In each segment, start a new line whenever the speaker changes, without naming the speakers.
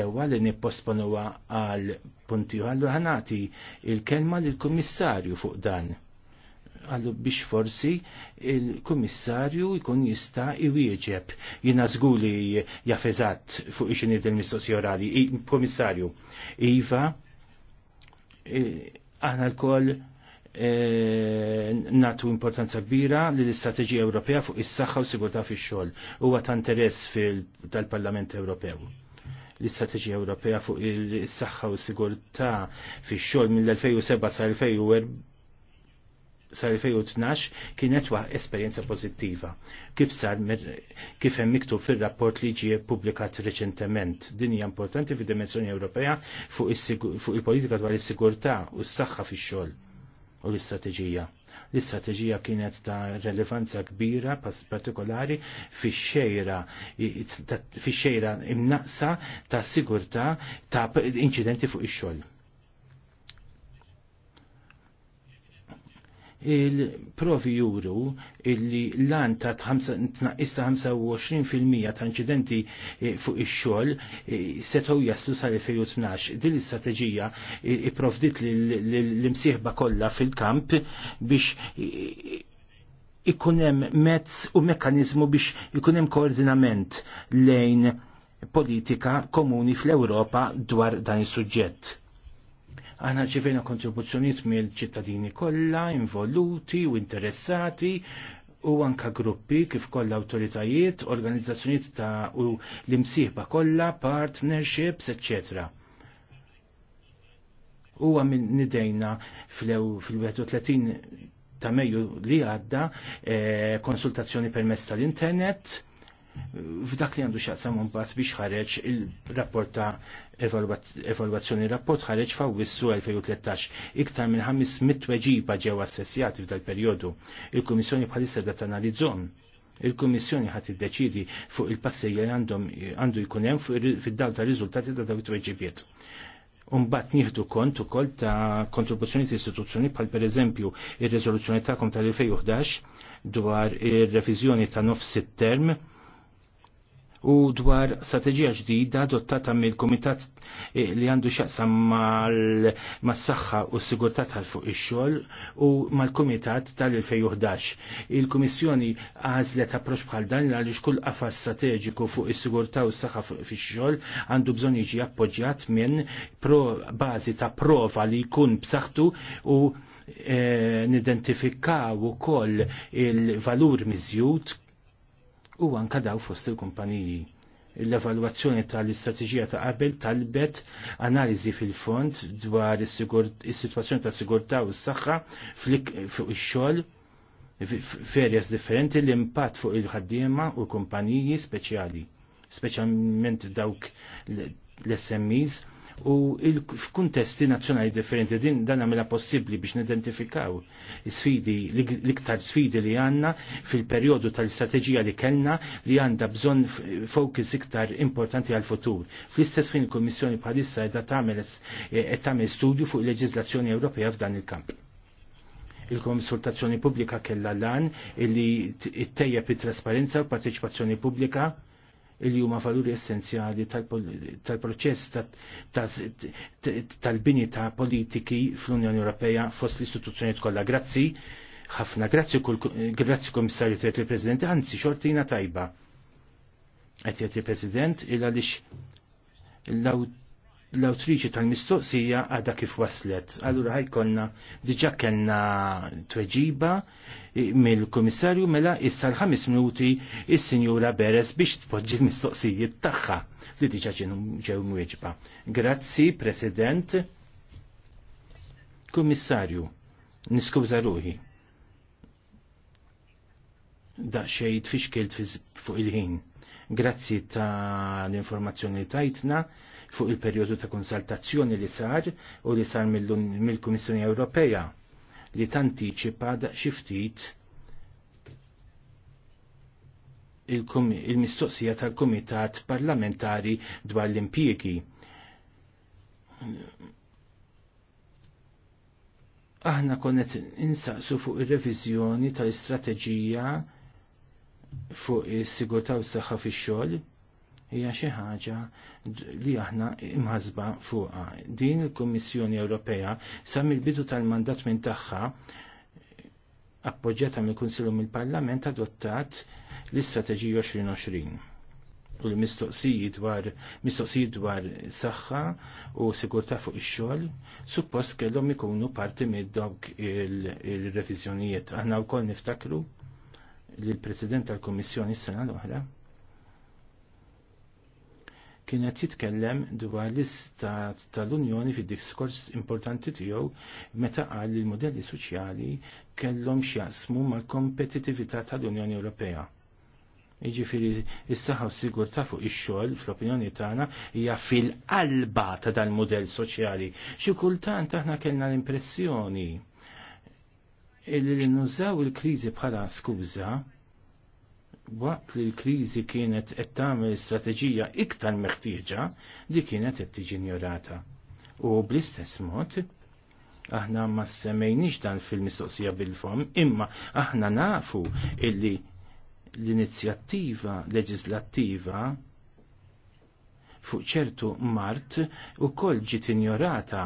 ewa li nipposponuwa għal punti għallu ħanati il-kelma l kummissarju fuq dan. Għallu biex forsi il-kummissarju jkun jista iwieġeb jina zguli jafezat fuq iċini del-mistoqsi orali. Kummissarju, Iva, għana e, l kol e, natu importanza kbira li l-istrateġija Ewropea fuq is-saħħa u sigurtà fix-xogħol huwa ta' interess tal-Parlament Ewropew l-Istrateġija Ewropea fuq il-saħħa u s-sigurtà fix-xogħol mill-2007 sa 2012 kienet waħ esperjenza pożittiva. Kif sar kif hemm miktub fir-rapport li ġie publikat reċentement. Din hija importanti fid-dimensjoni Ewropea fuq il-politika dwar is-sigurtà u s-saħħa fix-xogħol u l-istrateġija L-istrateġija kienet ta' relevanza kbira, pass partikolari, fi xejra, imnaqsa ta' sigurta ta' inċidenti fuq ix-xogħol il-provi juru illi l-an ta' ta' 25% ta' inċidenti eh, fuq ix-xogħol eh, setgħu jaslu sal-2012. Din l-istrateġija eh, ipprovdit l-imsieħba kollha fil-kamp biex ikun hemm mezz u mekkaniżmu biex ikun hemm koordinament lejn politika komuni fl-Ewropa dwar dan is-suġġett Aħna ġivejna kontribuzzjoniet mill-ċittadini kollha, involuti u interessati u anka gruppi kif kollha awtoritajiet, organizzazzjonijiet ta' u l-imsieħba kollha, partnerships, etc. Huwa minn nidejna fil-31 ta' Mejju li għadda eh, konsultazzjoni permess tal-internet, f'dak li għandu xaqsam un pass biex ħareġ il-rapport ta' evalwazzjoni. Rapport ħareġ f'Awwissu 2013. Iktar minn 500 weġiba ġew assessjati f'dal perjodu. Il-Kummissjoni bħalissa dat analizzon. Il-Kummissjoni ħadd deċidi fuq il-passi li għandu jkun hemm fid-dawl ta' riżultati ta' dawit it-tweġibiet. Umbat nieħdu kont ukoll ta' kontribuzzjoni ta' istituzzjoni bħal pereżempju ir-riżoluzzjoni kom tal-2011 dwar ir-reviżjoni ta' nofs it-term u dwar strategija ġdida adottata mill-Kumitat eh, li għandu xaqsam s saħħa u s-sigurtà tal-fuq ix-xogħol u mal-Kumitat tal-2011. Il-Kummissjoni għażlet approċċ bħal dan għaliex kull qafas strateġiku fuq is-sigurtà u s-saħħa fix-xogħol għandu bżonn jiġi appoġġjat minn bażi ta' prova li jkun b'saħħtu u eh, nidentifikaw ukoll il-valur miżjud u anka daw fost il-kumpaniji. L-evalwazzjoni tal-istrateġija ta' qabel talbet analiżi fil-fond dwar is-sitwazzjoni ta' sigurtà u s-saħħa fuq ix-xogħol f'erjas differenti l-impatt fuq il-ħaddiema u kumpaniji speċjali, speċjalment dawk l-SMEs u f'kuntesti nazzjonali differenti din dan għamela possibbli biex nidentifikaw sfidi l-iktar sfidi li għanna fil-perjodu tal-istrateġija li kellna li għanda bżon focus iktar importanti għal-futur. Fl-istess ħin il-Kommissjoni bħalissa edha e-, tagħmel studju fuq il-leġiżlazzjoni Ewropea f'dan il-kamp il-konsultazzjoni pubblika kella lan illi it-tejja pi trasparenza u parteċipazzjoni pubblika li huma valuri essenzjali tal-proċess tal-bini ta' politiki fl-Unjoni Ewropea fost l-istituzzjonijiet kollha. Grazzi, ħafna grazzi kull grazzi Komissarju tiegħek il-President, anzi xortina tajba. Qed jgħid il-President il lix l-awt l-awtriċi tal-mistoqsija għadha kif waslet. Allura ħajkonna diġa kellna tweġiba eh, mill-komissarju mela issa l-ħamis minuti il sinjura Beres biex tpoġġi l-mistoqsijiet tagħha li diġa ġew mwieġba. Grazzi, President. Komissarju, niskuża ruħi. Daqxejt fixkilt fuq il-ħin. Grazzi ta' l-informazzjoni tajtna fuq il-perjodu ta' konsultazzjoni li sar u li sar mill-Kummissjoni Ewropea li tantiċipa xi ftit il-mistoqsija tal-Komitat Parlamentari dwar l-impjiegi. Aħna konnet insaqsu fuq ir-reviżjoni tal-istrateġija fuq is-sigurtà u s-saħħa fix-xogħol hija xi ħaġa li aħna imħazba fuqha. Din il-Kummissjoni Ewropea sa mill-bidu tal-mandat minn tagħha appoġġjata mill-Kunsill u mill-Parlament adottat l-Istrateġija 2020 u l-mistoqsijiet dwar mistoqsijiet dwar saħħa u sigurtà fuq ix-xogħol suppost kellhom ikunu parti mid dawk il-reviżjonijiet. Aħna wkoll niftakru li l-President tal-Kummissjoni s-sena l-oħra kienet jitkellem dwar l-istat tal-Unjoni fid diskors importanti tiegħu meta qal li l-modelli soċjali kellhom x'jaqsmu mal-kompetitività tal-Unjoni Ewropea. Jiġifieri is-saħħa u sigurtà fuq ix-xogħol fl-opinjoni tagħna hija fil-qalba ta' dal-mudell soċjali. Xi kultant aħna kellna l-impressjoni li nużaw il-kriżi bħala skuża waqt li l-kriżi kienet qed tagħmel strateġija iktar meħtieġa li kienet qed tiġi injorata. U bl-istess mod aħna ma semmejniex dan fil-mistoqsija bil-fom, imma aħna nafu illi l-inizjattiva leġislattiva fuq ċertu mart u koll ġiet injorata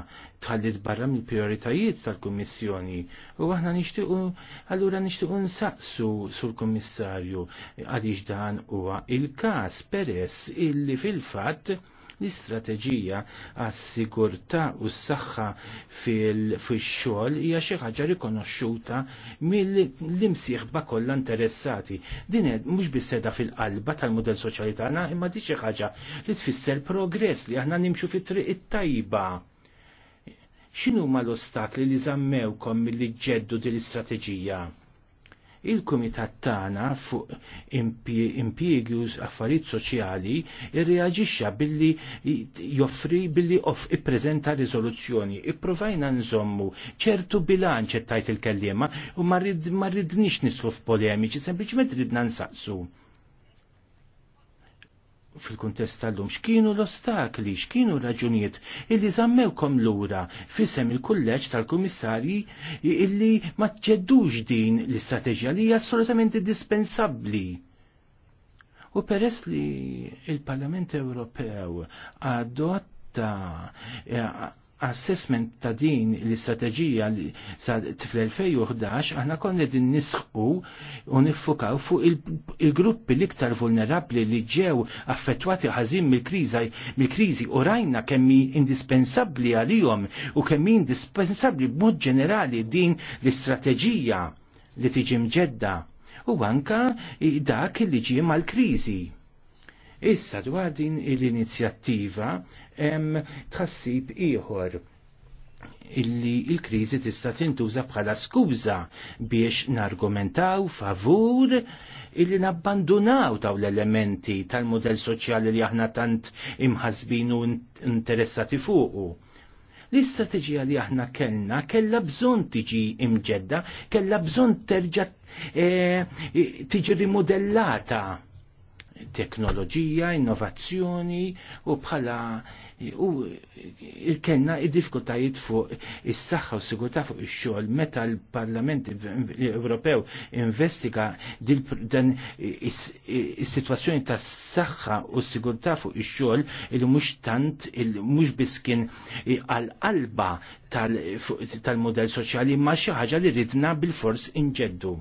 tħallit barra mill prioritajiet tal-Kummissjoni u aħna nixtiequ allura nixtiequ nsaqsu sul-Kummissarju għaliex dan huwa il-każ peress illi fil-fatt L-istrateġija għas-sigurtà u s-saħħa fix-xogħol hija xi ħaġa rikonoxxuta mill-imsieħba kollha interessati. Din mhux biss fil-qalba tal-mudell soċjali tagħna imma di xi ħaġa li tfisser progress li aħna nimxu fit-triq it-tajba X'inhuma l-ostakli li żammewkom mill ġeddu din l-istrateġija? il-Kumitat tagħna fuq impjiegi u affarijiet soċjali irreaġixxa billi joffri billi off ippreżenta riżoluzzjoni. Ipprovajna nżommu ċertu bilanċ qed tajt il-kellima u ma rridnix nitlu f'polemiċi, sempliċement ridna nsaqsu fil-kuntest tal-lum x'kienu l-ostakli, x'kienu raġunijiet illi zammewkom lura fisem il-kulleġġ tal-kummissarji illi ma tġeddux din l-istrateġija li hija assolutament indispensabbli. U peress li il-Parlament Ewropew adotta eh, assessment ta' din l-istrateġija li tifl 2011 aħna konna din nisħu u nifukaw fuq il-gruppi l-iktar vulnerabli li ġew affettwati ħażin mill-kriżi u rajna kemmi indispensabbli għalihom u kemmi indispensabbli b'mod ġenerali din l-istrateġija li tiġi mġedda u anka dak li ġie mal-kriżi. Issa dwar din l-inizjattiva hemm tħassib ieħor illi il-krizi tista' tintuża bħala skuża biex nargumentaw favur illi nabbandunaw daw l-elementi tal-modell soċjali li aħna tant imħasbin u interessati fuqu. L-istrateġija li aħna kellna kellha bżonn tiġi imġedda, kellha bżonn terġa' eh, tiġi rimodellata teknoloġija, innovazzjoni u bħala u kenna id difkutajiet fuq is-saħħa u sigurtà fuq ix-xogħol meta l-Parlament Ewropew investiga dan is-sitwazzjoni tas-saħħa u s-sigurtà fuq ix-xogħol il mhux tant il mhux biss kien għall-qalba tal-modell soċjali ma xi ħaġa li ridna bil-fors inġeddu.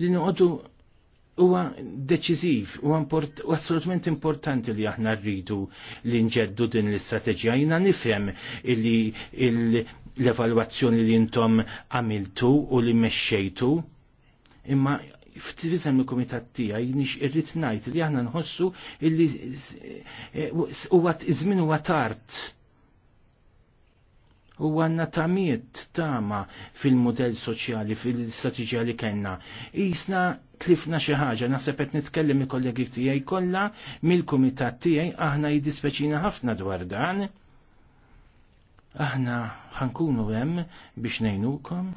Li noqogħdu huwa deċiżiv, huwa import, assolutament importanti li aħna rridu li nġeddu din l-istrateġija. Jina nifhem li l-evalwazzjoni li intom għamiltu u li mexxejtu, imma f'tivizem il-komitat tiegħi nix irrid ngħid li aħna nħossu illi huwa e, iż-żmien huwa tard u għanna tamiet tama fil-modell soċjali, fil-istrateġija li kellna. Isna tlifna xi ħaġa, naħseb qed nitkellem il-kollegi tijaj kollha mill-kumitat tiegħi aħna jiddispeċina ħafna dwar dan. Aħna ħankunu hemm biex ngħinukom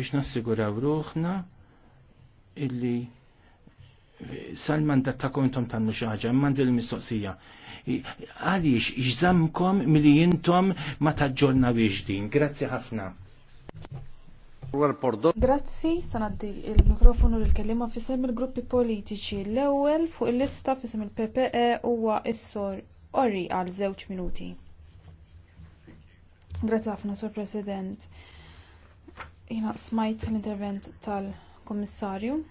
biex nassiguraw ruħna illi Salman dattakom ta' kontom tannu xaħġa, mandi l-mistoqsija. Għalix, iġżamkom mili jintom ma taġġorna din. Grazzi ħafna.
Grazzi, sanaddi il-mikrofonu l-kellima fissem il-gruppi politiċi. L-ewel fuq il-lista fisem il-PPE huwa is-sor orri għal żewġ minuti. Grazzi ħafna, sor President. Jina smajt l-intervent tal komissarju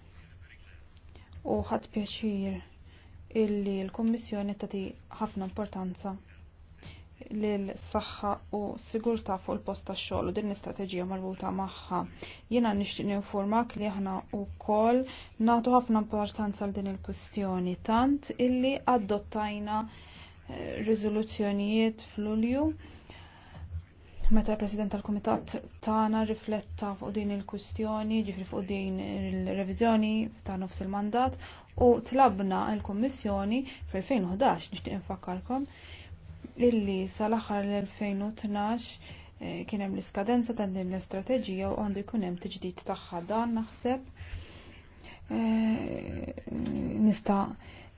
u ħadd pjaċir illi l-Kummissjoni tagħti ħafna importanza lil saħħa u sigurtà fuq il-post tax-xogħol u din l-istrateġija marbuta magħha. Jiena nixtieq ninformak li aħna wkoll nagħtu ħafna importanza għal din il-kwistjoni tant illi adottajna eh, riżoluzzjonijiet fl-Ulju Meta il-President tal-Kumitat tagħna rifletta fuq din il-kustjoni, ġifri fuq din il-reviżjoni ta' nofs il-mandat u tlabna l-Kummissjoni fil-2011 nixtieq infakkarkom illi sal-aħħar l-2012 eh, kien hemm l-iskadenza ta' din l-istrateġija u għandu jkun hemm ġdijt tagħha dan naħseb eh, nista'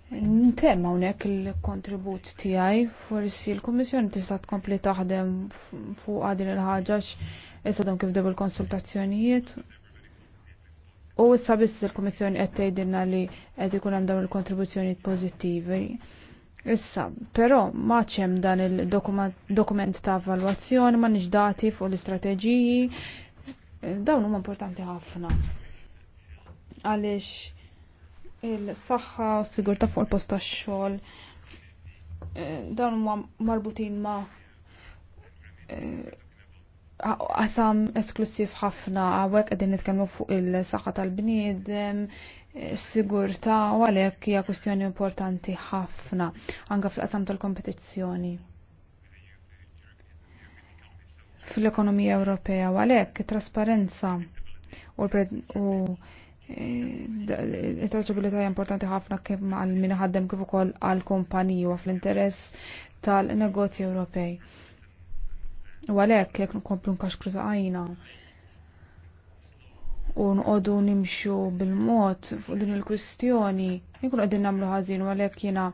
Ntemm hawnhekk il-kontribut tiegħi, forsi l-Kummissjoni tista' tkompli taħdem fuq din il ħagġax issa dawn kif debu l-konsultazzjonijiet. U issa biss il-Kummissjoni qed tgħidilna li qed ikun hemm dawn il-kontribuzzjonijiet pożittivi. Issa, però ma hemm dan il-dokument ta' evalwazzjoni, ma nix dati fuq l-istrateġiji, dawn huma importanti ħafna. Għaliex il-saħħa u s-sigurta fuq il posta tax-xogħol eh, dan huma marbutin ma' eh, qasam esklusiv ħafna għawek għedin nitkellmu fuq il-saħħa tal-bniedem, eh, sigurta u għalhekk hija kustjoni importanti ħafna anke fil-qasam tal-kompetizzjoni. Fil-ekonomija Ewropea u għalhekk trasparenza u it-traċabilità importanti ħafna kif għal min ħaddem kif ukoll għal kompaniju u fl-interess tal-negozji Ewropej. U għalhekk jekk nkomplu nkaxkru għajna u nqogħdu nimxu bil-mod fuq din il-kwistjoni, nkunu qegħdin nagħmlu ħażin u għalhekk jiena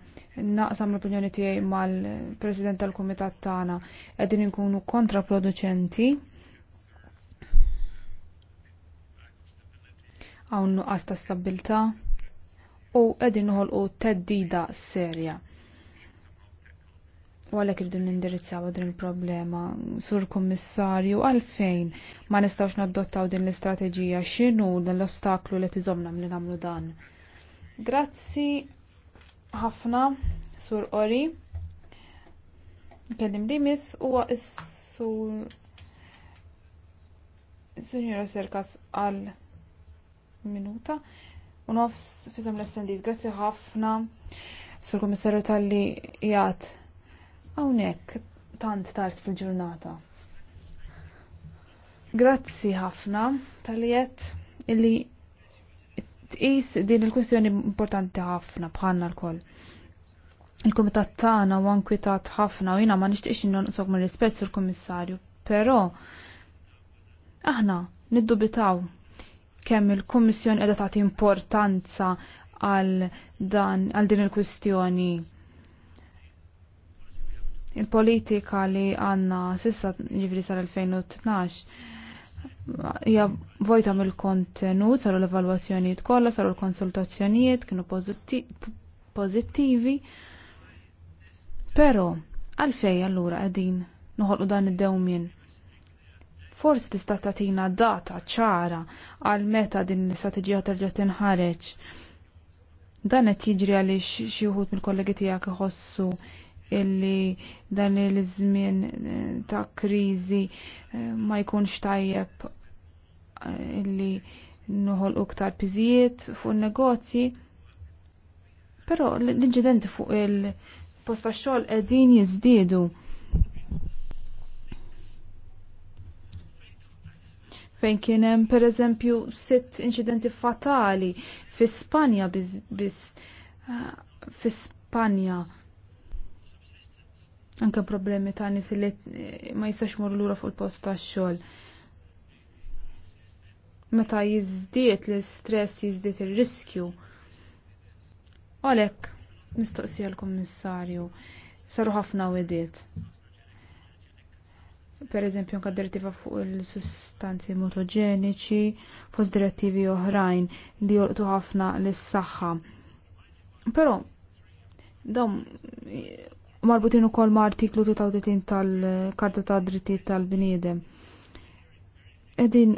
naqsam l-opinjoni tiegħi mal-President tal-Kumitat tagħna qegħdin inkunu kontraproducenti hawn nuqqas ta' stabilta u qegħdin noħolqu teddida serja. U għalhekk irdu nindirizzaw din il-problema, sur Kommissarju, għalfejn ma nistgħux naddottaw din l-istrateġija x'inhu l-ostaklu li tiżomna li nagħmlu dan. Grazzi ħafna sur Ori. Kellim li miss huwa is-sur Sinjora Serkas għal minuta. U nofs fizem l-essendiz, grazzi ħafna sur komissarju tal-li jgħat għawnek tant tard fil-ġurnata. Grazzi ħafna tal-li jgħat illi tqis din il-kwestjoni importanti ħafna bħalna l-koll. Il-komitat tagħna u għankwitat ħafna u jiena ma nixtieqx nonqosok mal rispett sur kummissarju, però aħna niddubitaw kemm il-Kummissjoni qiegħda tagħti importanza għal dan għal din il-kwistjoni. Il-politika li għanna sissa ġifri sal-2012 hija vojta mill-kontenut saru l-evalwazzjonijiet kollha, saru l-konsultazzjonijiet kienu pożittivi. Però għalfej allura qegħdin noħolqu dan id-dewmien. Forsi tista' tagħtina data ċara għal meta din l-istrateġija terġa' tinħareġ. Dan qed jiġri għaliex xi wħud mill-kollegi tiegħek iħossu illi dan il-żmien eh, ta' kriżi eh, ma jkunx tajjeb eh, illi noħol uktar piżijiet fuq negozji. Però l-inċidenti fuq il-posta xogħol qegħdin jiżdiedu fejn kien hemm pereżempju sitt inċidenti fatali fi Spanja biss ah, fi Spanja anke problemi ta' nies li ma jistax mor lura fuq il-post tax-xogħol. Meta jiżdied l-istress jiżdiet ir-riskju. Olek, mistoqsija l-Kummissarju saru ħafna wedet per eżempju nka direttiva fuq il-sustanzi mutogeniċi, fost direttivi oħrajn li jolqtu ħafna lis-saħħa. Però dom eh, marbutin ukoll ma' artiklu 33 tal-Karta ta' Drittijiet tal-Bniedem. Edin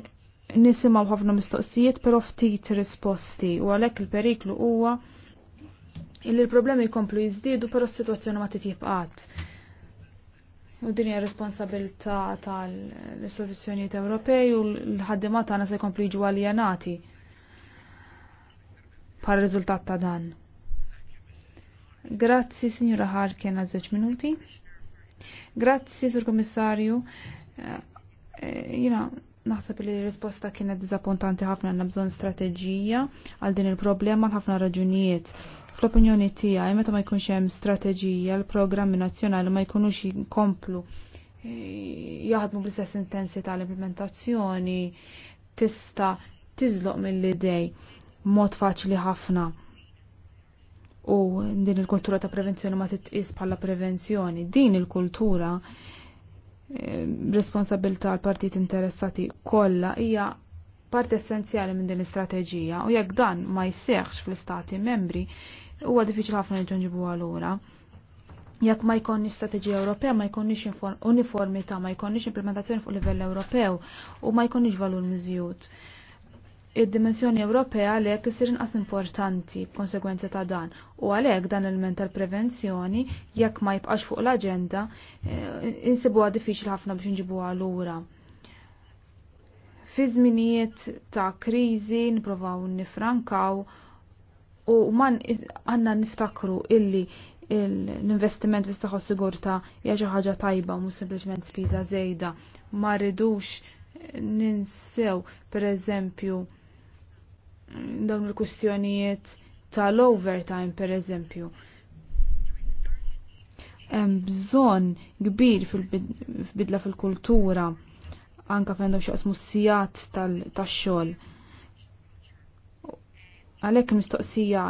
nisimaw ħafna mistoqsijiet però ftit risposti u għalhekk il-periklu huwa il l-problemi jkomplu jiżdiedu però s-sitwazzjoni ma titjibqat. U din hija responsabilità tal-istituzzjonijiet Ewropej u l ħaddimat tagħna se jkompli jiġu aljenati bħal riżultat ta' dan. Grazzi, Signora Harkin, għal 10 minuti. Grazzi, Sur Komissarju. Eh, eh, jina, Naħseb li l-risposta kienet dizappuntanti ħafna għandna bżonn strateġija għal din il-problema ħafna raġunijiet. Fl-opinjoni tiegħi meta ma jkunx hemm strateġija l-programmi nazzjonali ma jkunux jkomplu e, jaħdmu bl-istess intensità l-implementazzjoni tista' tiżloq mill-idej mod faċli ħafna. U din il-kultura ta' prevenzjoni ma titqis bħala prevenzjoni. Din il-kultura Eh, responsabilità għal partit interessati kollha hija part essenzjali minn din l-istrateġija u jekk dan ma jseħħx fl-istati membri huwa diffiċli ħafna nġunġibu għalura. Jekk ma jkonniex strateġija Ewropea, ma jkonniex uniformità, ma jkonniex implementazzjoni fuq livell Ewropew u ma jkollniex valur miżjud id-dimensjoni Ewropea għalhekk isir inqas importanti b'konsegwenza ta' dan u għalhekk dan il-ment tal-prevenzjoni jekk ma jibqax fuq l-aġenda eh, insibuha diffiċli ħafna biex inġibuha lura. Fi żminijiet ta' kriżi nipprovaw nifrankaw u man għandna niftakru illi l-investiment fis saħħa sigurta hija xi ħaġa tajba mhux sempliċement spiża żejda. Ma rridux ninsew pereżempju dawn il-kustjonijiet tal-overtime per eżempju. Hemm bżonn kbir fil-bidla fil-kultura anka fejn dawn xaqsmu sijat tax-xogħol. Għalhekk mistoqsija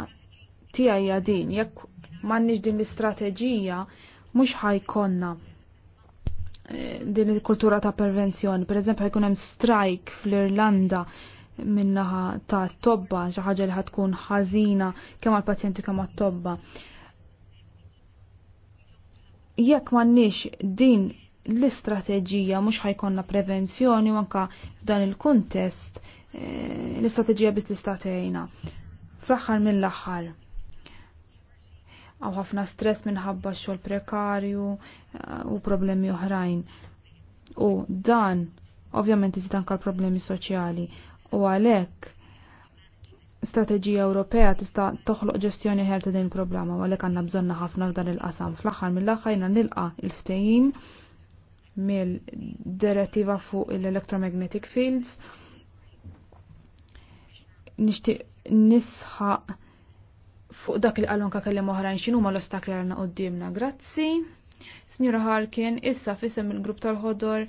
tiegħi hija din, jekk m'għandniex din l-istrateġija mhux ħajkonna eh, din il-kultura ta' prevenzjoni. Per eżempju, ħajkun hemm strajk fl-Irlanda minnaħa ta' tobba, xi ħaġa li ħatkun ħażina kemm għall-pazjenti kemm għat-tobba. Jekk m'għandniex din l-istrateġija mhux ħajkonna prevenzjoni u f'dan il-kuntest eh, l-istrateġija biss tista' tgħinna. Fl-aħħar mill-aħħar. Aw ħafna stress minħabba x xogħol prekarju eh, u problemi oħrajn. U dan ovvjament iżid anke l-problemi soċjali u għalhekk Strategija Ewropea tista' toħloq ġestjoni ħer ta' din il-problema u għalhekk għandna bżonna ħafna f'dan il-qasam. Fl-aħħar mill-aħħar jiena nilqa il-ftehim mill-direttiva fuq il-electromagnetic fields. Nixtieq nisħaq fuq dak il ka kellem oħrajn x'inhu ma l-ostakli għalna qudiemna. Grazzi. Signora Harkin, issa fissem il-grupp tal-ħodor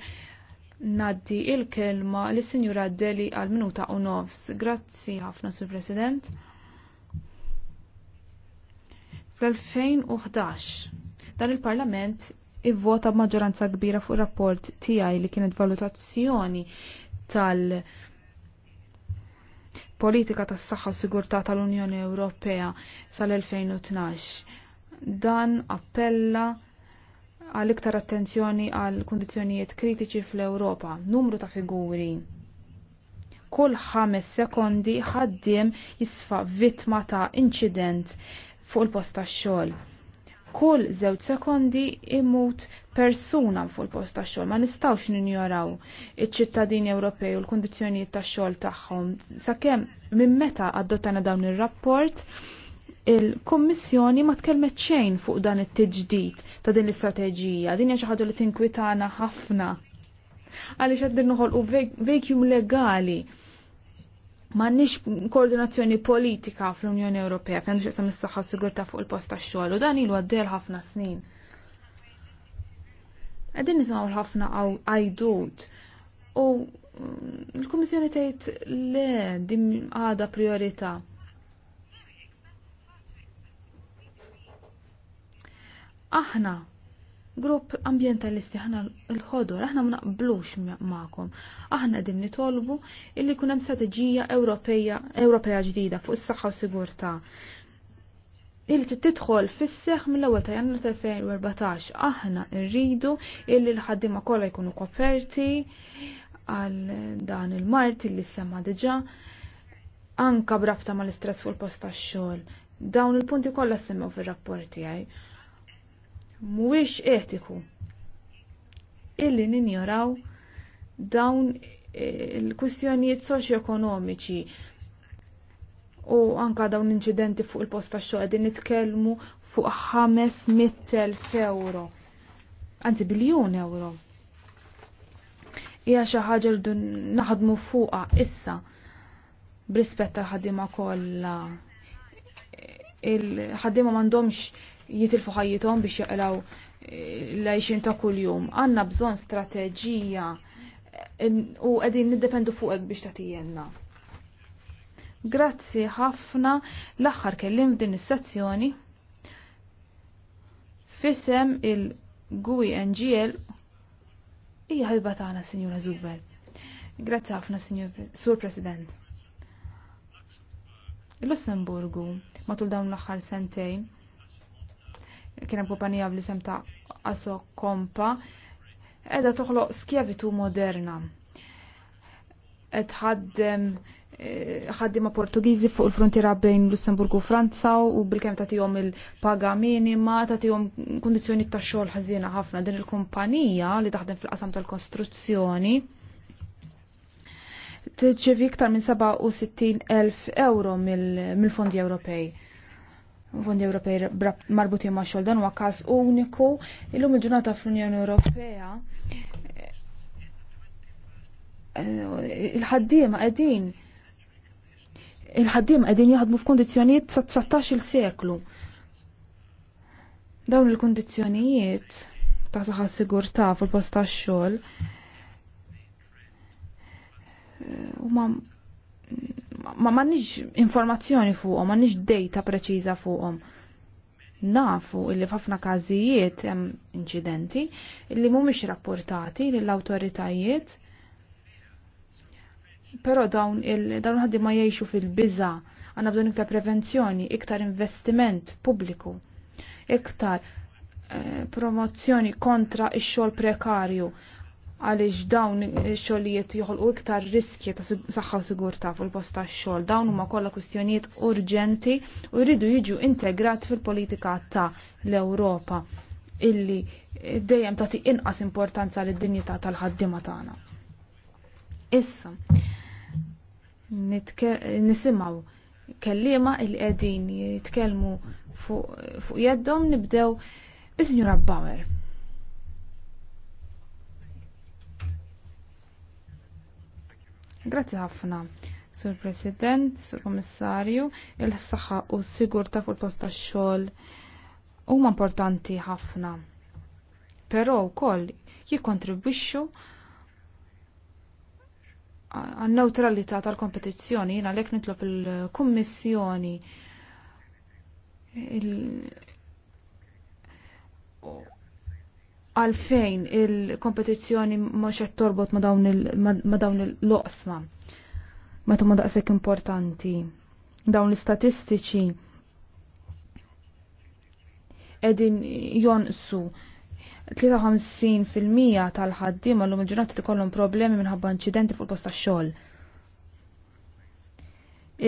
naddi il-kelma li sinjura Deli għal minuta u nofs. Grazzi ħafna, Sur President. Fl-2011, dan il-Parlament ivvota b'maġġoranza kbira fuq rapport tiegħi li kienet valutazzjoni tal- politika tas saħħa u sigurtà tal-Unjoni Ewropea sal-2012. Dan appella għal iktar attenzjoni għal kundizzjonijiet kritiċi fl-Ewropa, numru ta' figuri. Kull ħames sekondi ħaddiem jisfa vittma ta' incident fuq il-post tax-xogħol. Kull żewġ sekondi imut persuna fuq il-post tax-xogħol, ma nistgħux ninjoraw iċ-ċittadini Ewropej u l-kundizzjonijiet tax-xogħol tagħhom. Sakemm minn meta adottana dawn ir-rapport, il-Kommissjoni ma tkellmet xejn fuq dan it-tiġdid ta' din l-istrateġija. Din hija xi ħaġa li tinkwitana ħafna. Għaliex qed noħolqu vacuum legali m'għandniex koordinazzjoni politika fl-Unjoni Ewropea fejn xi is-saħħa sigurtà fuq il-post tax-xogħol u dan ilu għaddej ħafna snin. Qegħdin nisimgħu ħafna ajdut, u mm, l-Kummissjoni tgħid le din għada priorità. Aħna, grupp ambientalisti, aħna l-ħodur, aħna ma naqblux ma'kom. Aħna din nitolbu illi kun hemm strateġija Ewropea ġdida fuq is-saħħa u sigurtà illi tidħol fis-seħ mill-ewwel ta' jannar 2014 aħna rridu illi l-ħaddiema kollha jkunu koperti għal dan il-mart illi semma diġà anka brabta mal-istress fuq il-post tax-xogħol. Dawn il-punti kollha semmew fir rapporti tiegħi mhuwiex etiku illi ninjoraw dawn e, il-kwistjonijiet soċjoekonomiċi u anka dawn inċidenti fuq il-post faxxo qegħdin nitkellmu fuq 500,000 euro. Anzi biljun euro. Hija xi ħaġa naħdmu fuqha issa b'rispett tal-ħaddiema kollha. Il-ħaddiema m'għandhomx jitilfu ħajjithom biex jaqlaw eh, lejxin ta' kuljum. Għanna bżon strateġija eh, u għedin niddependu fuqek biex tijenna. Grazzi ħafna l-axħar kellim din is-sezzjoni fisem il-GUI NGL hija ħajba tagħna Sinjura Zuber. Grazzi ħafna Sinjur Sur President. Lussemburgu matul dawn l-aħħar sentejn kienem kumpanija bl-isem ta' Aso Kompa, edha toħloq skjavitu moderna. Edħaddem eh, ħaddima Portugiżi fuq il-frontiera bejn Lussemburgu u Franza u bil-kem tijom il-paga minima, tijom kondizjoni ta' xogħol ħazina ħafna din il-kumpanija li taħdem fil-qasam tal-kostruzzjoni. Tiġġevi iktar minn 67 elf euro mill-fondi Ewropej fondi Ewropej marbutin ma' xogħol dan huwa każ uniku illum il-ġurnata fl-Unjoni Ewropea eh, il-ħaddiema qegħdin il-ħaddiema qegħdin jaħdmu f'kundizzjonijiet sa' 19-il seklu. Dawn il-kundizzjonijiet ta' saħħa sigurtà fil-post tax-xogħol eh, huma ma m'għandniex informazzjoni fuqhom, m'għandniex data preċiża fuqhom. Nafu illi f'ħafna każijiet hemm inċidenti illi mhumiex rapportati lill-awtoritajiet. Però dawn il dawn ħaddi ma jgħixu fil-biża għandna bdu iktar prevenzjoni, iktar investiment pubbliku, iktar eh, promozzjoni kontra ix-xogħol prekarju għaliex dawn xogħlijiet joħolqu iktar riskje ta' saħħa u sigurtà fil-post ta' xogħol Dawn huma kollha kwistjonijiet urġenti u jridu jiġu integrat fil-politika ta' l-Ewropa illi dejjem tagħti inqas importanza lid dinjità tal-ħaddiema tagħna. Issa nisimgħu kellima illi qegħdin jitkellmu fuq fu jeddhom nibdew bi sinjura Bauer. Grazzi ħafna. Sur President, Sur Komissarju, il-saħħa u s-sigurta fuq il-post tax-xogħol huma importanti ħafna. Però wkoll jikkontribwixxu għan neutralità tal-kompetizzjoni jiena lek nitlob il-kummissjoni il għalfejn il-kompetizzjoni ma xed torbot ma dawn il-loqsma. Ma tu ma daqsek importanti. Dawn l-istatistiċi edin jonqsu 53% tal-ħaddim għallum il-ġurnati tikollhom problemi minħabba inċidenti fuq posta xogħol.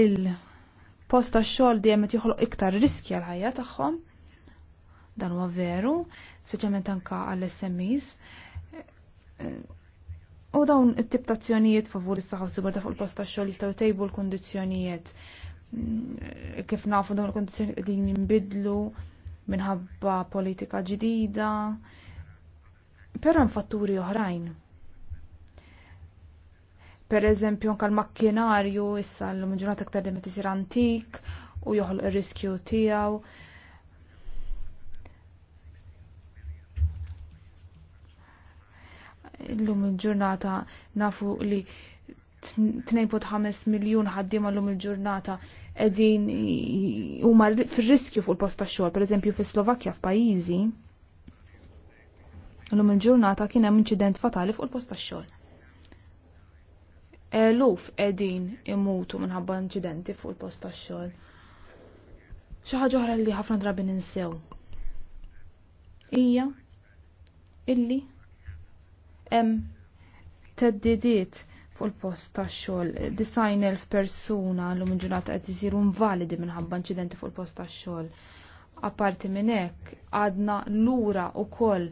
Il-posta xogħol dejjem qed joħloq iktar riski għal ħajja tagħhom. Dan huwa veru, speċjalment anka għall sms U dawn it-tip ta' azzjonijiet favur is-saħħa u sigurta fuq il-post tax-xogħol jistgħu tejbu l-kundizzjonijiet. Mm, kif nafu dawn il-kundizzjonijiet qegħdin jinbidlu minħabba politika ġdida, però hemm fatturi oħrajn. Per eżempju, anke l-makkinarju issa l-mġunat aktar qed tisir antik u joħol ir-riskju tiegħu Illum il-ġurnata nafu li 2.5 miljon ħaddim l-lum il-ġurnata edin huma fir-riskju fuq il posta tax-xogħol, pereżempju fis-Slovakkja f'pajjiżi. L-lum il-ġurnata kien hemm inċident fatali fuq il-post xogħol Eluf edin imutu minħabba inċidenti fuq il-post tax-xogħol. Xi oħra li ħafna drabi ninsew. Hija illi hemm teddidiet fuq il-post tax-xogħol. Design elf persuna l ġurnata qed isiru invalidi minħabba inċidenti fuq il-post tax-xogħol. Apparti minn hekk għadna lura wkoll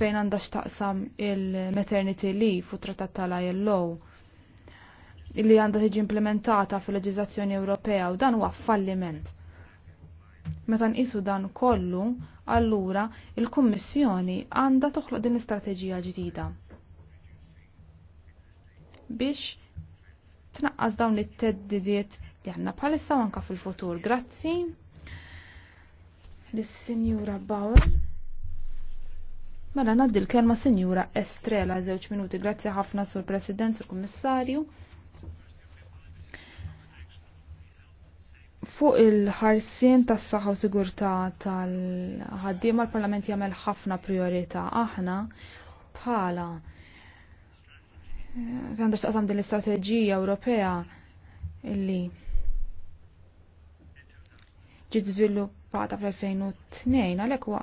fejn għandha x'taqsam il-maternity leave u trattat tal-ILO li għandha tiġi implementata fil-leġiżlazzjoni Ewropea u dan huwa falliment. Meta nqisu dan kollu, allura il-Kummissjoni għandha toħloq din l-istrateġija ġdida biex tnaqqas dawn it-teddidiet li għanna u anka fil-futur. Grazzi lis-Sinjura Bauer. Mela naddi l-kelma Sinjura Estrela żewġ minuti. Grazzi ħafna sur President, sur Kummissarju. Fuq il-ħarsien tas saħħa u sigurtà tal-ħaddiema l-Parlament jagħmel ħafna priorità aħna bħala għandax taqsam din l-istrateġija Ewropea illi ġiet żviluppata fl-2002 għalhekk huwa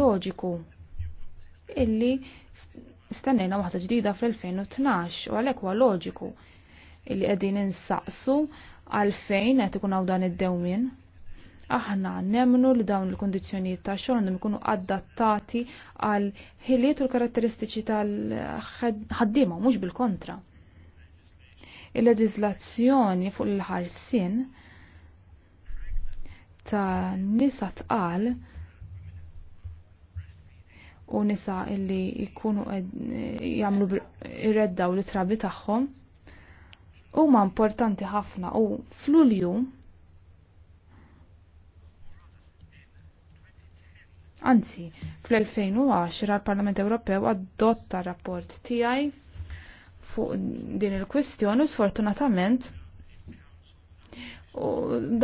loġiku illi stennejna waħda ġdida fl-2012 u għalhekk huwa loġiku illi qegħdin insaqsu għalfejn qed ikun hawn dan id-dewmien. Aħna nemnu li dawn il-kondizjonijiet ta' xogħol għandhom ikunu adattati għal ħiliet u l-karatteristiċi tal-ħaddiema mhux bil-kontra. Il-leġiżlazzjoni fuq il-ħarsin ta' nisa tqal u nisa illi jkunu eh, jagħmlu irreddaw l-trabi tagħhom huma importanti ħafna u fl-ulju Anzi, fl-2010 il-Parlament Ewropew adotta rapport tiegħi fuq din il-kwistjoni u sfortunatament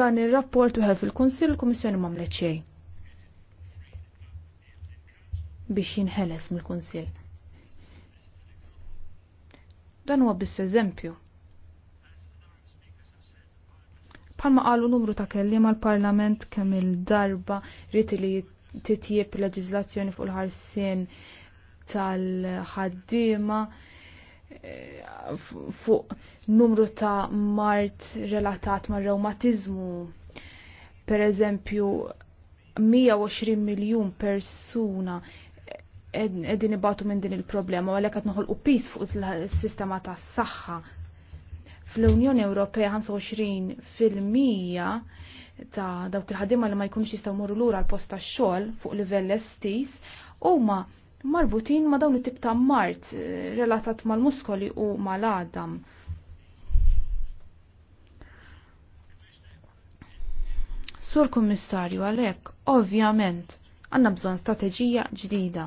dan il-rapport uħel fil-Kunsil il kummissjoni ma mlet xejn biex jinħeles mill-Kunsil. Dan huwa biss eżempju. Palma qalu numru ta' kelliem l-Parlament kemm il-darba rrid li titjib leġizlazzjoni fuq il-ħarsien tal-ħaddiema eh, fuq numru ta' mart relatat ma' reumatizmu. Per eżempju, 120 miljon persuna edin ibatu minn din il-problema, u għalek għatnuħol u pis fuq il-sistema ta' s-saxħa Fl-Unjoni Ewropea 25 ta' dawk il-ħaddiema li ma jkunux jistgħu jmorru lura l post tax-xogħol fuq livell estis huma marbutin ma' dawn it-tip ta' mart eh, relatat mal-muskoli u mal-għadam. Sur Kummissarju għalhekk, ovvjament, għandna bżonn strateġija ġdida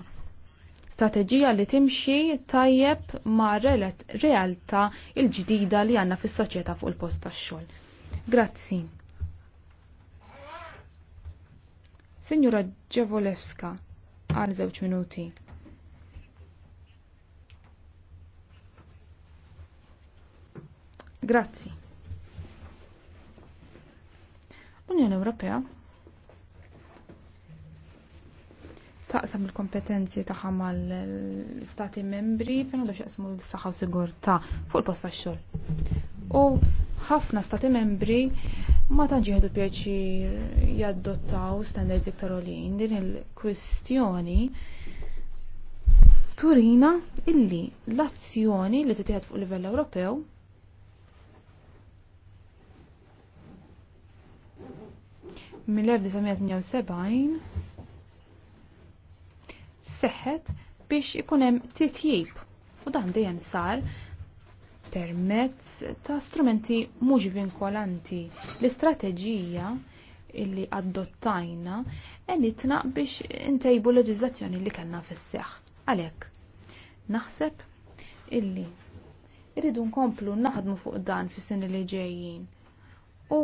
Strategija li timxi tajjeb ma' realtà il-ġdida li għanna fis soċjetà fuq il-post tax-xogħol. Grazzi. Signora Ġevolewska, għal żewġ minuti. Grazzi. Unjoni Ewropea taqsam il-kompetenzi ħamal l stati membri fejn għandhom xaqsmu l-saħħa u sigurtà fuq il-post tax-xogħol. U ħafna stati membri ma tantx jieħdu pjaċir jaddottaw standards iktar għolin din il-kwistjoni turina illi l-azzjoni li titieħed fuq livell Ewropew mill-1978 seħħet biex ikun hemm titjib u dan dejjem sar permezz ta' strumenti mhux vinkolanti. L-istrateġija illi adottajna enitna biex intejbu leġizlazzjoni li kellna fis-seħ. Għalhekk, naħseb illi irridu nkomplu naħdmu fuq dan fis-sini li ġejjin. U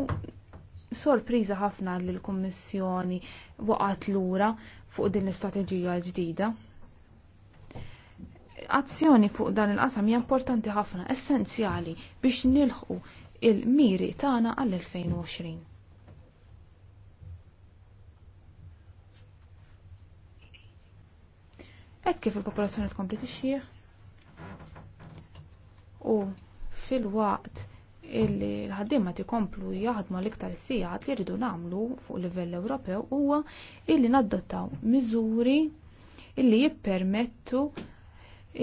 sorpriża ħafna li l-Kummissjoni waqgħet lura fuq din l-istrateġija l-ġdida. Azzjoni fuq dan il-qasam hija importanti ħafna, essenzjali biex nilħu il-miri tagħna għall-2020. Hekk kif il-popolazzjoni tkompli tixjih u fil-waqt illi l-ħaddiema tikomplu jaħdmu l-iktar sijat li rridu nagħmlu fuq livell Ewropew huwa illi naddottaw miżuri illi jippermettu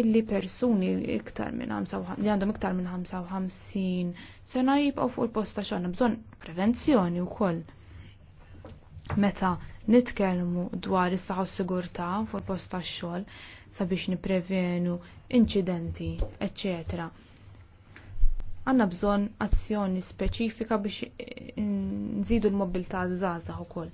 illi persuni iktar minn li għandhom iktar minn 55 sena jibqgħu fuq il-post ta' xogħol bżonn prevenzjoni wkoll. Meta nitkellmu dwar is-saħħa sigurtà fuq il-post tax-xogħol sabiex nipprevenu inċidenti, eċċetera Għanna bżon azzjoni speċifika biex eh, nżidu l-mobilità żgħażagħ ukoll.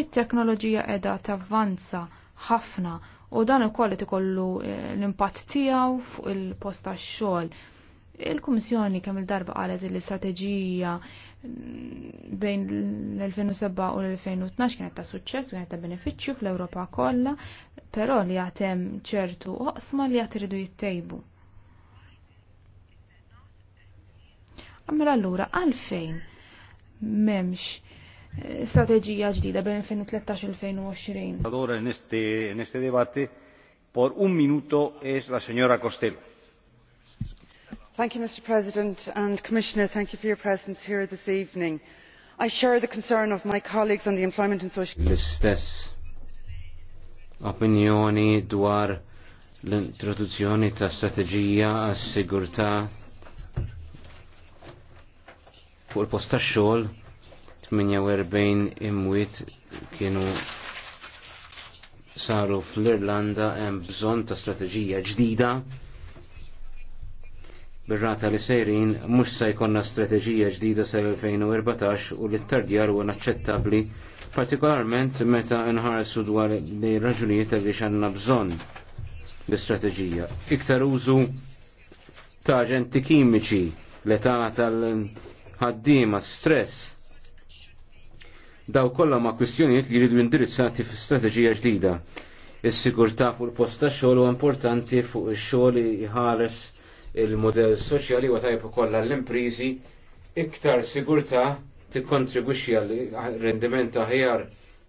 It-teknoloġija qiegħda tavvanza ħafna u dan ukoll qed ikollu eh, l-impatt tiegħu fuq il-post tax-xogħol Il-Kummissjoni kemm il-darba qalet l-istrateġija bejn l-2007 u l-2012 kienet ta' suċċess, kienet ta' benefiċċju fl-Ewropa kollha, però li hemm ċertu oqsma li għat iridu jittejbu. Għamra allura għalfejn memx eh, strateġija ġdida bejn 2013-2020.
Allora, nisti dibatti por un minuto es la signora Costello
mr president commissioner thank you for your presence here this evening. i share the concern of my colleagues on the employment and social.
l-istess opinjoni dwar l-introduzzjoni ta' strateġija għas sigurtà fuq il-post tax xogħol 48 imwiet kienu saru fl-Irlanda hemm bżonn ta' strateġija ġdida bir-rata li sejrin mhux se jkollna strateġija ġdida sal-2014 u li t-tardjar huwa naċċettabbli partikolarment meta nħarsu dwar li raġunijiet li għandna bżonn l-istrateġija. Iktar użu ta' ġenti kimiċi l-età tal ħaddim stress daw kollha ma' kwistjonijiet li jridu indirizzati fi-strateġija ġdida. Is-sigurtà fuq il-post ta' xogħol huwa importanti fuq ix-xogħol jħares il model soċjali u tajb ukoll għall-imprizi iktar sigurtà tikkontribwixxi għal rendiment aħjar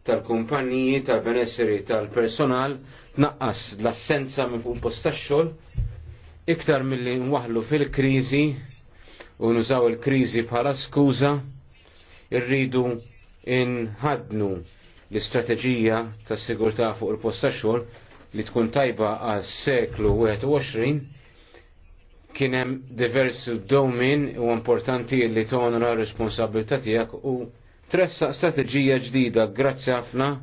tal-kumpaniji, tal-benesseri, tal-personal, tnaqqas l-assenza minn fuq post tax-xogħol, iktar milli nwaħlu fil-kriżi u nużaw il-kriżi bħala skuża, irridu inħadnu l-istrateġija tas sigurtà fuq il-post tax-xogħol li tkun tajba għas seklu 21 kienem diversu domin u importanti li tonra responsabilità tijak u tressa strategija ġdida. Grazzi ħafna.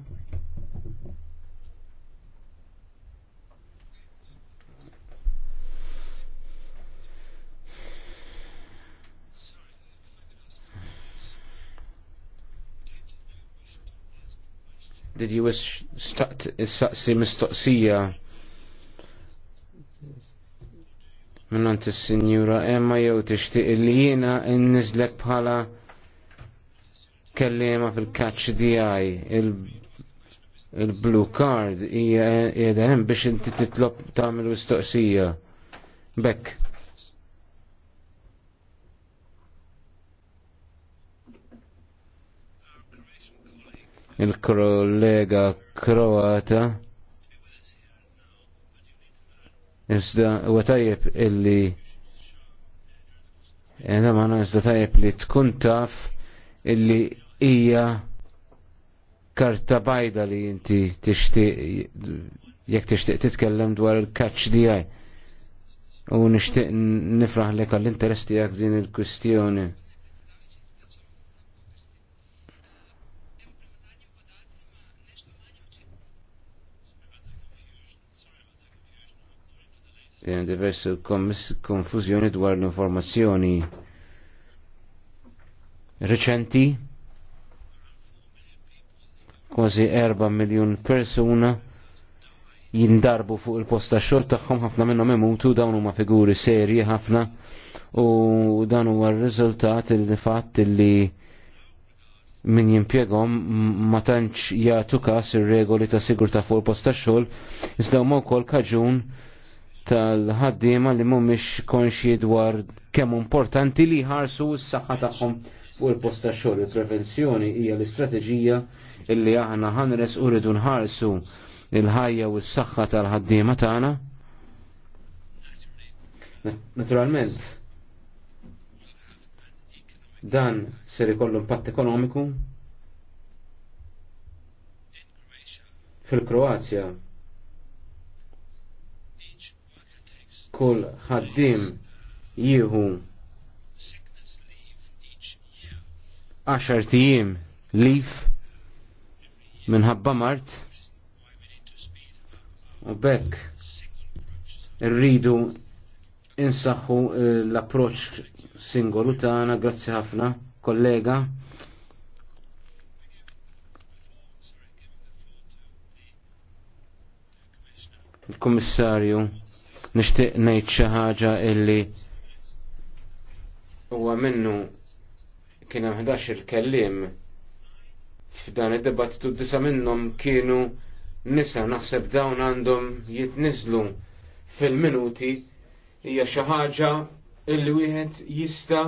Did you wish see mistoqsija minnant il-Sinjura Emma jew tixtieq li n-nizlek bħala kellima fil-catch DI il-blue card hija qiegħda hemm biex inti titlob tagħmel istoqsija Bekk. Il-kollega Kroata. Iżda huwa tajjeb illi Jena maħna iżda tajjeb li tkun taf illi hija karta bajda li inti tixtieq jekk tixtieq titkellem dwar il-catch di U nixtieq nifraħ li għall-interess tiegħek din il-kwistjoni. Jena diversu konfuzjoni dwar l-informazzjoni reċenti kważi 4 miljon persuna jindarbu fuq il-posta xogħol tagħhom ħafna minnhom imutu dawn huma figuri serji ħafna u dan huwa r-riżultat il-fatt li min jimpjegom ma tantx jagħtu każ ir-regoli ta' sigurtà fuq il-post xogħol iżda huma wkoll kaġun tal-ħaddiema li mhumiex konxi dwar kemm importanti li ħarsu s-saħħa tagħhom fuq il-post ta' xogħol. Il-prevenzjoni hija l-istrateġija illi aħna ħanres u rridu nħarsu il-ħajja u s-saħħa tal-ħaddiema tagħna. Naturalment, dan ser ikollu impatt ekonomiku fil-Kroazja kull ħaddim jieħu 10 tijiem lif minħabba mart u bekk rridu insaħħu eh, l-approċ singolu tagħna grazzi ħafna kollega il kommissarju nixtieq ngħid xi ħaġa illi huwa minnu kien hemm 11 kelliem f'dan id-dibattitu disa minnhom kienu nisa naħseb dawn għandhom jitniżlu fil-minuti hija xi ħaġa illi wieħed jista'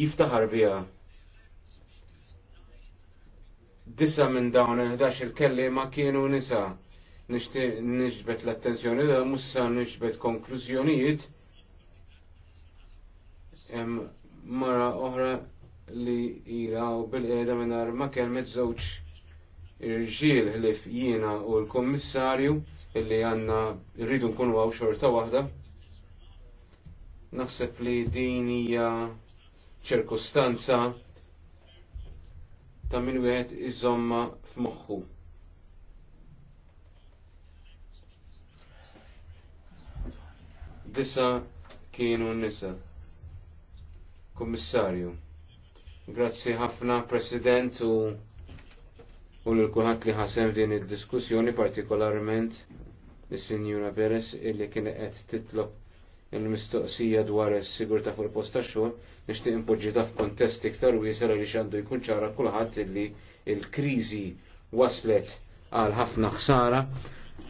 jiftaħar biha. Disa minn dawn il-11 kelliem kienu nisa' nixbet l-attenzjoni da mussa nixbet konklużjonijiet mara oħra li ila u bil-qeda minnar ma kelmet żewġ irġiel ħlif jiena u l-kommissarju illi għanna rridu nkunu għaw xorta waħda. Naħseb li din hija ċirkustanza ta' min wieħed iżomma f'moħħu. disa kienu nisa. Kommissarju, grazzi ħafna President u u l-kulħat li ħasem din id-diskussjoni partikolarment il sinjura Beres illi kien qed titlob il-mistoqsija dwar is-sigurta fuq il-post tax-xogħol nixtieq impoġġita f'kontest iktar wiesel li għandu jkun ċara kulħadd illi il-kriżi waslet għal ħafna ħsara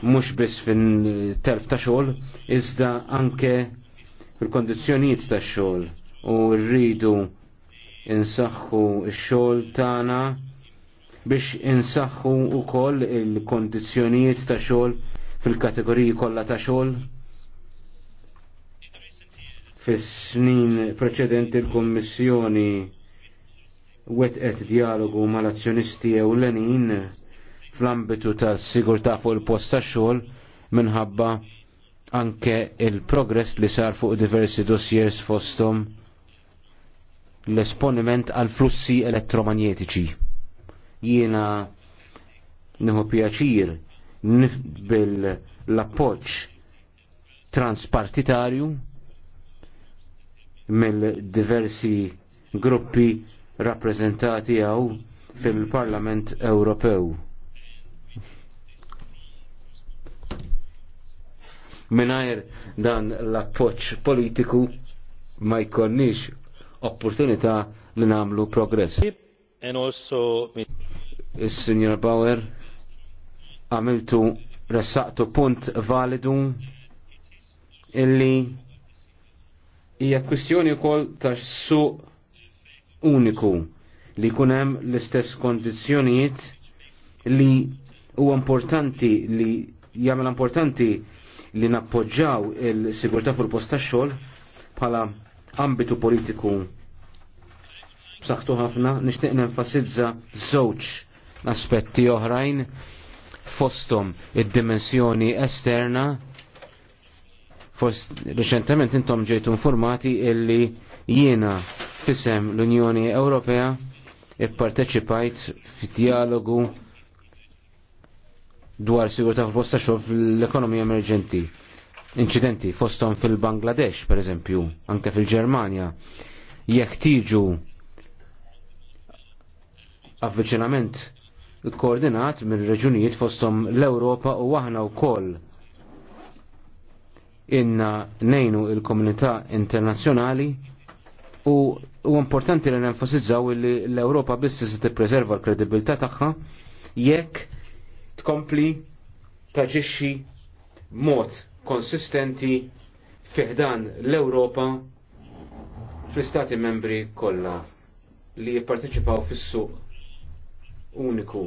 mhux biss fin-telf ta' xogħol, iżda anke fil kondizjoniet ta' xogħol u rridu insaħħu xol tana tagħna biex insaħħu wkoll il-kondizzjonijiet ta' xogħol fil-kategoriji kollha ta' xogħol. Fis-snin preċedenti l-Kummissjoni wetqet dialogu mal-azzjonisti ewlenin fl-ambitu ta' sigurtà fuq il-post ta' xogħol minħabba anke il-progress li sar fuq diversi dossiers fostom l-esponiment għal flussi elettromagnetiċi. Jiena nieħu pjaċir bil appoċ transpartitarju mill-diversi gruppi rappreżentati għaw fil-Parlament Ewropew. Minajr dan l-appoċ politiku ma jkonnix opportunità li namlu progress. is Signor Bauer, għamiltu ressaqtu punt validu illi hija kwistjoni wkoll ta' suq uniku li jkun hemm l-istess kondizzjonijiet li huwa importanti li jagħmel importanti li nappoġġaw il-sigurtà fuq il-post tax-xogħol bħala ambitu politiku b'saħħtu ħafna nixtieq nenfasizza żewġ aspetti oħrajn fostom id-dimensjoni esterna fost reċentement intom ġejtu informati illi jiena fisem l-Unjoni Ewropea ipparteċipajt fid-dialogu dwar sigurta f'bosta xogħol fl-ekonomija emerġenti. Inċidenti fosthom fil-Bangladesh, per eżempju, anke fil-Ġermanja, jekk tiġu avviċinament koordinat mill reġunijiet fosthom l-Ewropa u aħna wkoll inna nejnu il-komunità internazzjonali u, u importanti li nenfasizzaw li l-Ewropa biss se tippreserva l-kredibilità tagħha jekk tkompli taġixxi mod konsistenti fiħdan l-Ewropa fl-istati membri kollha li jipparteċipaw fis-suq uniku.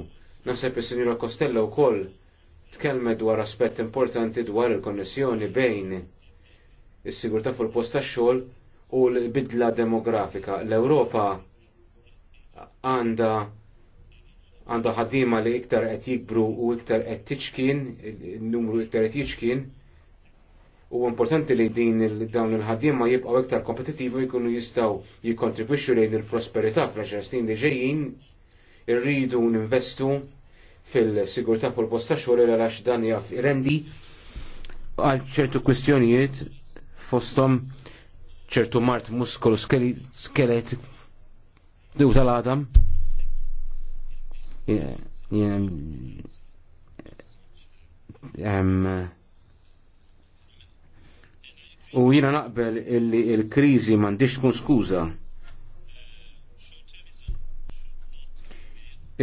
Naseb is-Sinjura Costello wkoll tkellmet dwar aspett importanti dwar il-konnessjoni bejn is-sigurtà fuq il posta tax-xogħol u l-bidla demografika. L-Ewropa għandha għandha ħaddiema li iktar qed jikbru u iktar qed tiċkien, numru iktar qed jiċkien. U importanti li din dawn il ħaddima jibqgħu iktar kompetittivi jkunu jistgħu jikkontribwixxu lejn il-prosperità fl għaxar snin li ġejjin, irridu ninvestu fil-sigurtà fuq il-post ta' xogħol għax dan jaf irendi għal ċertu kwistjonijiet fosthom ċertu mart muskolu skelet, skelet, dew tal-adam. U jina naqbel illi il-krizi mandiċ tkun skuza.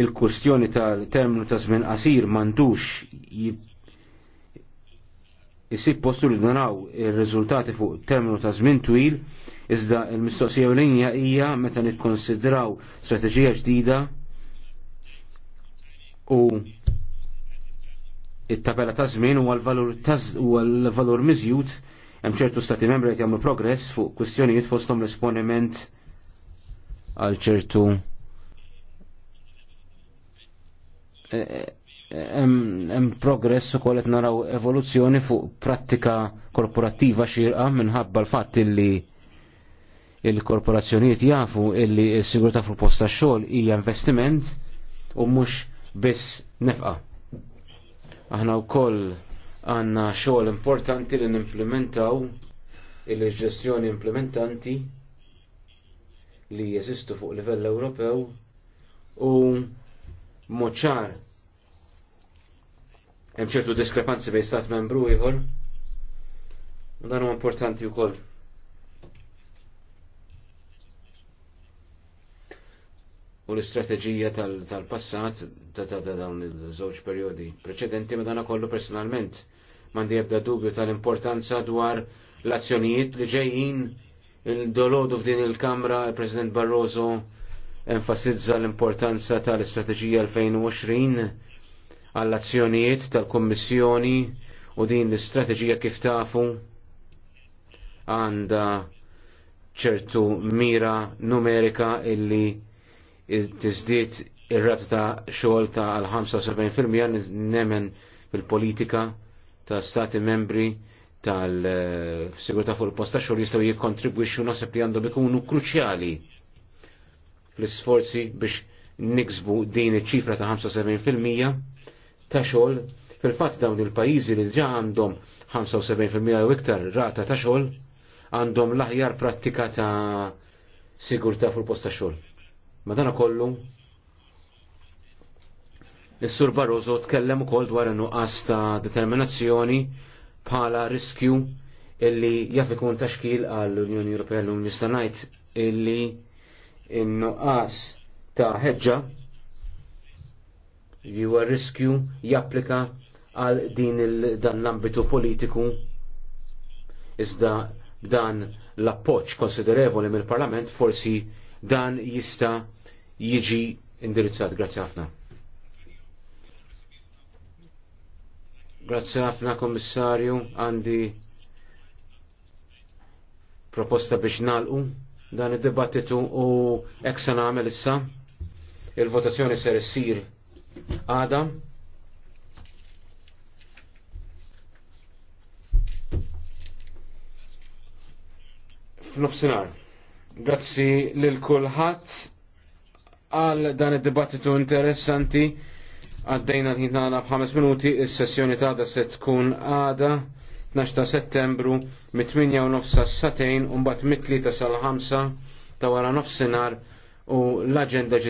Il-kustjoni tal-terminu ta' żmien qasir mandux jisib postu li danaw il-rizultati fuq terminu ta' żmien twil, iżda il-mistoqsija u linja hija meta nikkonsidraw strateġija ġdida u it-tabela ta' żmien huwa l-valur miżjud hemm ċertu stati membri qed jagħmlu progress fuq kwistjonijiet fosthom l-esponiment għal ċertu e, e, hemm progress ukoll qed naraw evoluzzjoni fuq prattika korporattiva xirqa minħabba l-fatt illi il-korporazzjonijiet jafu illi s-sigurtà fuq posta xogħol hija investiment u mhux biss nefqa. Aħna wkoll għandna xogħol importanti li nimplementaw il-ġestjoni implementanti li jeżistu fuq livell Ewropew u moċar hemm ċertu diskrepanzi bejn stat membru ieħor u dan huwa importanti wkoll. U l-istrateġija tal-passat tal passat ta' dawn il-żewġ periodi preċedenti dana kollu personalment mandi ebda dubju tal-importanza dwar l-azzjonijiet li ġejjin il-dolodu f'din il-Kamra, il-President Barroso enfasizza l-importanza tal-Istrateġija 2020 għall-azzjonijiet tal-Kommissjoni u din l-istrateġija kif tafu għanda ċertu mira numerika illi tizdiet ir-rata ta' xogħol ta' għal 75% nemen fil-politika ta' stati membri tal-sigurta fuq il-posta xogħol jistgħu jikkontribwixxu naħseb li għandhom ikunu kruċjali fl-isforzi biex niksbu din iċ-ċifra ta' 75% ta' xogħol fil-fatt dawn il-pajjiżi li ġa għandhom 75% u iktar rata ta' xogħol għandhom l-aħjar prattika ta' sigurta fuq il-posta xogħol. Madana kollu Is-Sur Barroso tkellem ukoll dwar in nuqqas ta' determinazzjoni bħala riskju illi jaf ikun taxkil għall unjoni Ewropea l-lum ngħid illi in-nuqqas ta' ħeġġa huwa riskju japplika għal din dan l-ambitu politiku iżda dan l-appoċ konsiderevoli mill-Parlament forsi dan jista' jiġi indirizzat. Grazzi ħafna. Grazzi ħafna Kommissarju għandi proposta biex nalqu dan id-dibattitu u eksa nagħmel issa il-votazzjoni ser issir għada. F'nofsinhar. Grazzi lil kulħadd għal dan id-dibattitu interessanti. Għaddejna l-ħin b'ħames minuti, is-sessjoni ta' se tkun għada 12 ta' settembru mit-8 u nofsa s-satejn u mbagħad mit-3 sal-5 ta' wara nofsinhar u l-aġenda